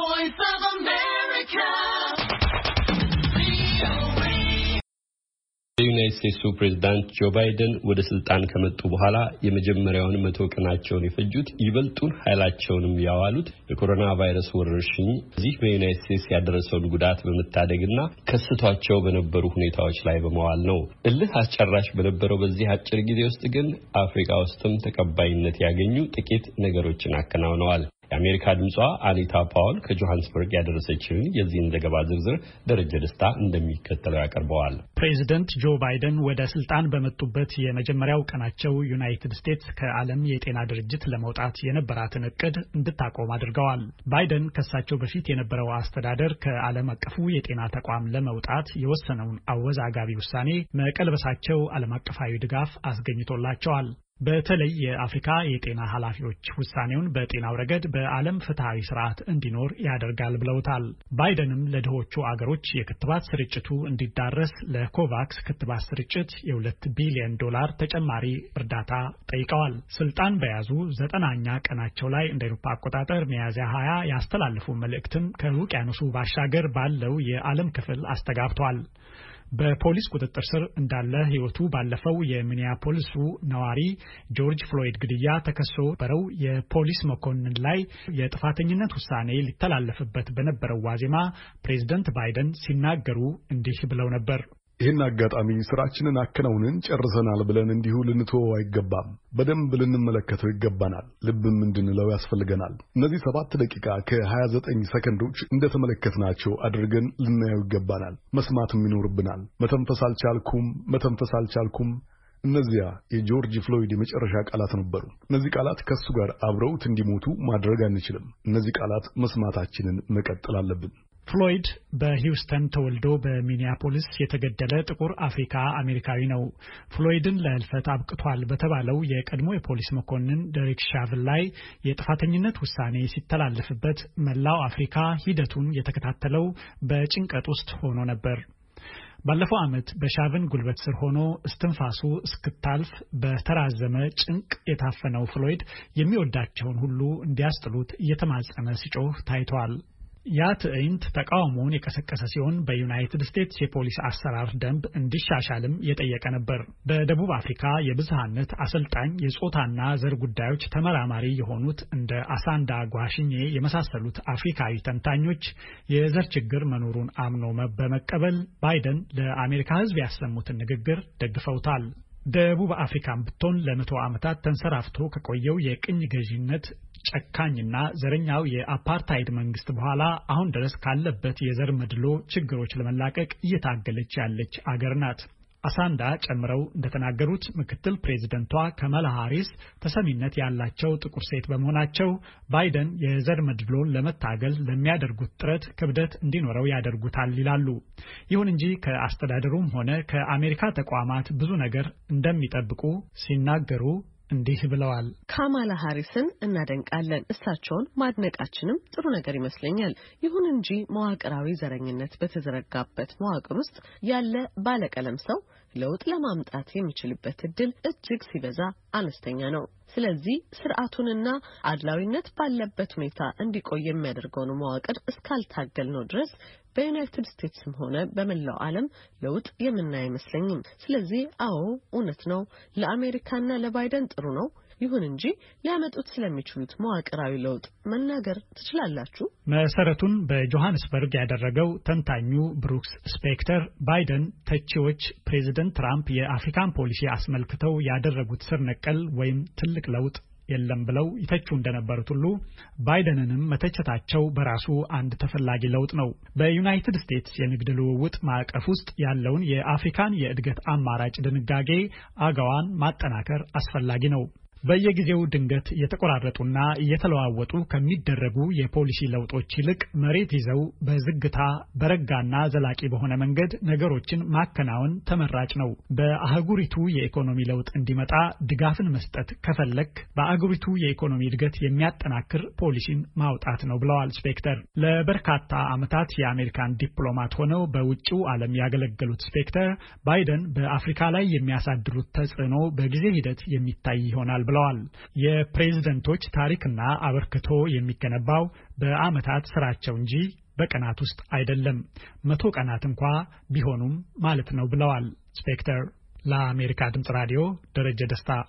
voice of America. የዩናይት ስቴትሱ ፕሬዝዳንት ጆ ባይደን ወደ ስልጣን ከመጡ በኋላ የመጀመሪያውን መቶ ቀናቸውን የፈጁት ይበልጡን ኃይላቸውንም ያዋሉት የኮሮና ቫይረስ ወረርሽኝ እዚህ በዩናይት ስቴትስ ያደረሰውን ጉዳት በመታደግና ከስቷቸው በነበሩ ሁኔታዎች ላይ በመዋል ነው። እልህ አስጨራሽ በነበረው በዚህ አጭር ጊዜ ውስጥ ግን አፍሪካ ውስጥም ተቀባይነት ያገኙ ጥቂት ነገሮችን አከናውነዋል። የአሜሪካ ድምጿ አኒታ ፓውል ከጆሃንስበርግ ያደረሰችውን የዚህን ዘገባ ዝርዝር ደረጀ ደስታ እንደሚከተለው ያቀርበዋል። ፕሬዚደንት ጆ ባይደን ወደ ስልጣን በመጡበት የመጀመሪያው ቀናቸው ዩናይትድ ስቴትስ ከዓለም የጤና ድርጅት ለመውጣት የነበራትን እቅድ እንድታቆም አድርገዋል። ባይደን ከሳቸው በፊት የነበረው አስተዳደር ከዓለም አቀፉ የጤና ተቋም ለመውጣት የወሰነውን አወዛጋቢ ውሳኔ መቀልበሳቸው ዓለም አቀፋዊ ድጋፍ አስገኝቶላቸዋል። በተለይ የአፍሪካ የጤና ኃላፊዎች ውሳኔውን በጤናው ረገድ በዓለም ፍትሐዊ ስርዓት እንዲኖር ያደርጋል ብለውታል። ባይደንም ለድሆቹ አገሮች የክትባት ስርጭቱ እንዲዳረስ ለኮቫክስ ክትባት ስርጭት የሁለት ቢሊዮን ዶላር ተጨማሪ እርዳታ ጠይቀዋል። ስልጣን በያዙ ዘጠናኛ ቀናቸው ላይ እንደ ኤሮፓ አቆጣጠር ሚያዝያ ሀያ ያስተላለፉ መልእክትም ከውቅያኖሱ ባሻገር ባለው የዓለም ክፍል አስተጋብቷል። በፖሊስ ቁጥጥር ስር እንዳለ ህይወቱ ባለፈው የሚኒያፖሊሱ ነዋሪ ጆርጅ ፍሎይድ ግድያ ተከሶ በረው የፖሊስ መኮንን ላይ የጥፋተኝነት ውሳኔ ሊተላለፍበት በነበረው ዋዜማ ፕሬዝደንት ባይደን ሲናገሩ እንዲህ ብለው ነበር። ይህን አጋጣሚ ስራችንን አከናውንን ጨርሰናል ብለን እንዲሁ ልንተወው አይገባም። በደንብ ልንመለከተው ይገባናል። ልብም እንድንለው ያስፈልገናል። እነዚህ ሰባት ደቂቃ ከ29 ሰከንዶች እንደተመለከትናቸው አድርገን ልናየው ይገባናል። መስማትም ይኖርብናል። መተንፈስ አልቻልኩም፣ መተንፈስ አልቻልኩም እነዚያ የጆርጅ ፍሎይድ የመጨረሻ ቃላት ነበሩ። እነዚህ ቃላት ከእሱ ጋር አብረውት እንዲሞቱ ማድረግ አንችልም። እነዚህ ቃላት መስማታችንን መቀጠል አለብን። ፍሎይድ በሂውስተን ተወልዶ በሚኒያፖሊስ የተገደለ ጥቁር አፍሪካ አሜሪካዊ ነው። ፍሎይድን ለህልፈት አብቅቷል በተባለው የቀድሞ የፖሊስ መኮንን ደሪክ ሻቭን ላይ የጥፋተኝነት ውሳኔ ሲተላለፍበት መላው አፍሪካ ሂደቱን የተከታተለው በጭንቀት ውስጥ ሆኖ ነበር። ባለፈው ዓመት በሻቭን ጉልበት ስር ሆኖ እስትንፋሱ እስክታልፍ በተራዘመ ጭንቅ የታፈነው ፍሎይድ የሚወዳቸውን ሁሉ እንዲያስጥሉት እየተማጸነ ሲጮህ ታይተዋል። ያ ትዕይንት ተቃውሞውን የቀሰቀሰ ሲሆን በዩናይትድ ስቴትስ የፖሊስ አሰራር ደንብ እንዲሻሻልም የጠየቀ ነበር። በደቡብ አፍሪካ የብዝሃነት አሰልጣኝ የጾታና ዘር ጉዳዮች ተመራማሪ የሆኑት እንደ አሳንዳ ጓሽኜ የመሳሰሉት አፍሪካዊ ተንታኞች የዘር ችግር መኖሩን አምኖ በመቀበል ባይደን ለአሜሪካ ሕዝብ ያሰሙትን ንግግር ደግፈውታል። ደቡብ አፍሪካን ብትሆን ለመቶ ዓመታት ተንሰራፍቶ ከቆየው የቅኝ ገዢነት ጨካኝና ዘረኛው የአፓርታይድ መንግስት በኋላ አሁን ድረስ ካለበት የዘር መድሎ ችግሮች ለመላቀቅ እየታገለች ያለች አገር ናት። አሳንዳ ጨምረው እንደተናገሩት ምክትል ፕሬዚደንቷ ካማላ ሃሪስ ተሰሚነት ያላቸው ጥቁር ሴት በመሆናቸው ባይደን የዘር መድሎን ለመታገል ለሚያደርጉት ጥረት ክብደት እንዲኖረው ያደርጉታል ይላሉ። ይሁን እንጂ ከአስተዳደሩም ሆነ ከአሜሪካ ተቋማት ብዙ ነገር እንደሚጠብቁ ሲናገሩ እንዲህ ብለዋል። ካማላ ሃሪስን እናደንቃለን፣ እሳቸውን ማድነቃችንም ጥሩ ነገር ይመስለኛል። ይሁን እንጂ መዋቅራዊ ዘረኝነት በተዘረጋበት መዋቅር ውስጥ ያለ ባለቀለም ሰው ለውጥ ለማምጣት የሚችልበት እድል እጅግ ሲበዛ አነስተኛ ነው። ስለዚህ ስርዓቱንና አድላዊነት ባለበት ሁኔታ እንዲቆይ የሚያደርገውን መዋቅር እስካልታገል ነው ድረስ በዩናይትድ ስቴትስም ሆነ በመላው ዓለም ለውጥ የምና አይመስለኝም። ስለዚህ አዎ፣ እውነት ነው፣ ለአሜሪካና ለባይደን ጥሩ ነው ይሁን እንጂ ሊያመጡት ስለሚችሉት መዋቅራዊ ለውጥ መናገር ትችላላችሁ? መሰረቱን በጆሃንስበርግ ያደረገው ተንታኙ ብሩክስ ስፔክተር ባይደን ተቺዎች ፕሬዚደንት ትራምፕ የአፍሪካን ፖሊሲ አስመልክተው ያደረጉት ስር ነቀል ወይም ትልቅ ለውጥ የለም ብለው ይተቹ እንደነበሩት ሁሉ ባይደንንም መተቸታቸው በራሱ አንድ ተፈላጊ ለውጥ ነው። በዩናይትድ ስቴትስ የንግድ ልውውጥ ማዕቀፍ ውስጥ ያለውን የአፍሪካን የእድገት አማራጭ ድንጋጌ አገዋን ማጠናከር አስፈላጊ ነው። በየጊዜው ድንገት እየተቆራረጡና እየተለዋወጡ ከሚደረጉ የፖሊሲ ለውጦች ይልቅ መሬት ይዘው በዝግታ በረጋና ዘላቂ በሆነ መንገድ ነገሮችን ማከናወን ተመራጭ ነው። በአህጉሪቱ የኢኮኖሚ ለውጥ እንዲመጣ ድጋፍን መስጠት ከፈለክ በአህጉሪቱ የኢኮኖሚ እድገት የሚያጠናክር ፖሊሲን ማውጣት ነው ብለዋል ስፔክተር። ለበርካታ ዓመታት የአሜሪካን ዲፕሎማት ሆነው በውጭው ዓለም ያገለገሉት ስፔክተር ባይደን በአፍሪካ ላይ የሚያሳድሩት ተጽዕኖ በጊዜ ሂደት የሚታይ ይሆናል ብለዋል። የፕሬዝደንቶች ታሪክና አበርክቶ የሚገነባው በዓመታት ስራቸው እንጂ በቀናት ውስጥ አይደለም። መቶ ቀናት እንኳ ቢሆኑም ማለት ነው ብለዋል ስፔክተር። ለአሜሪካ ድምፅ ራዲዮ ደረጀ ደስታ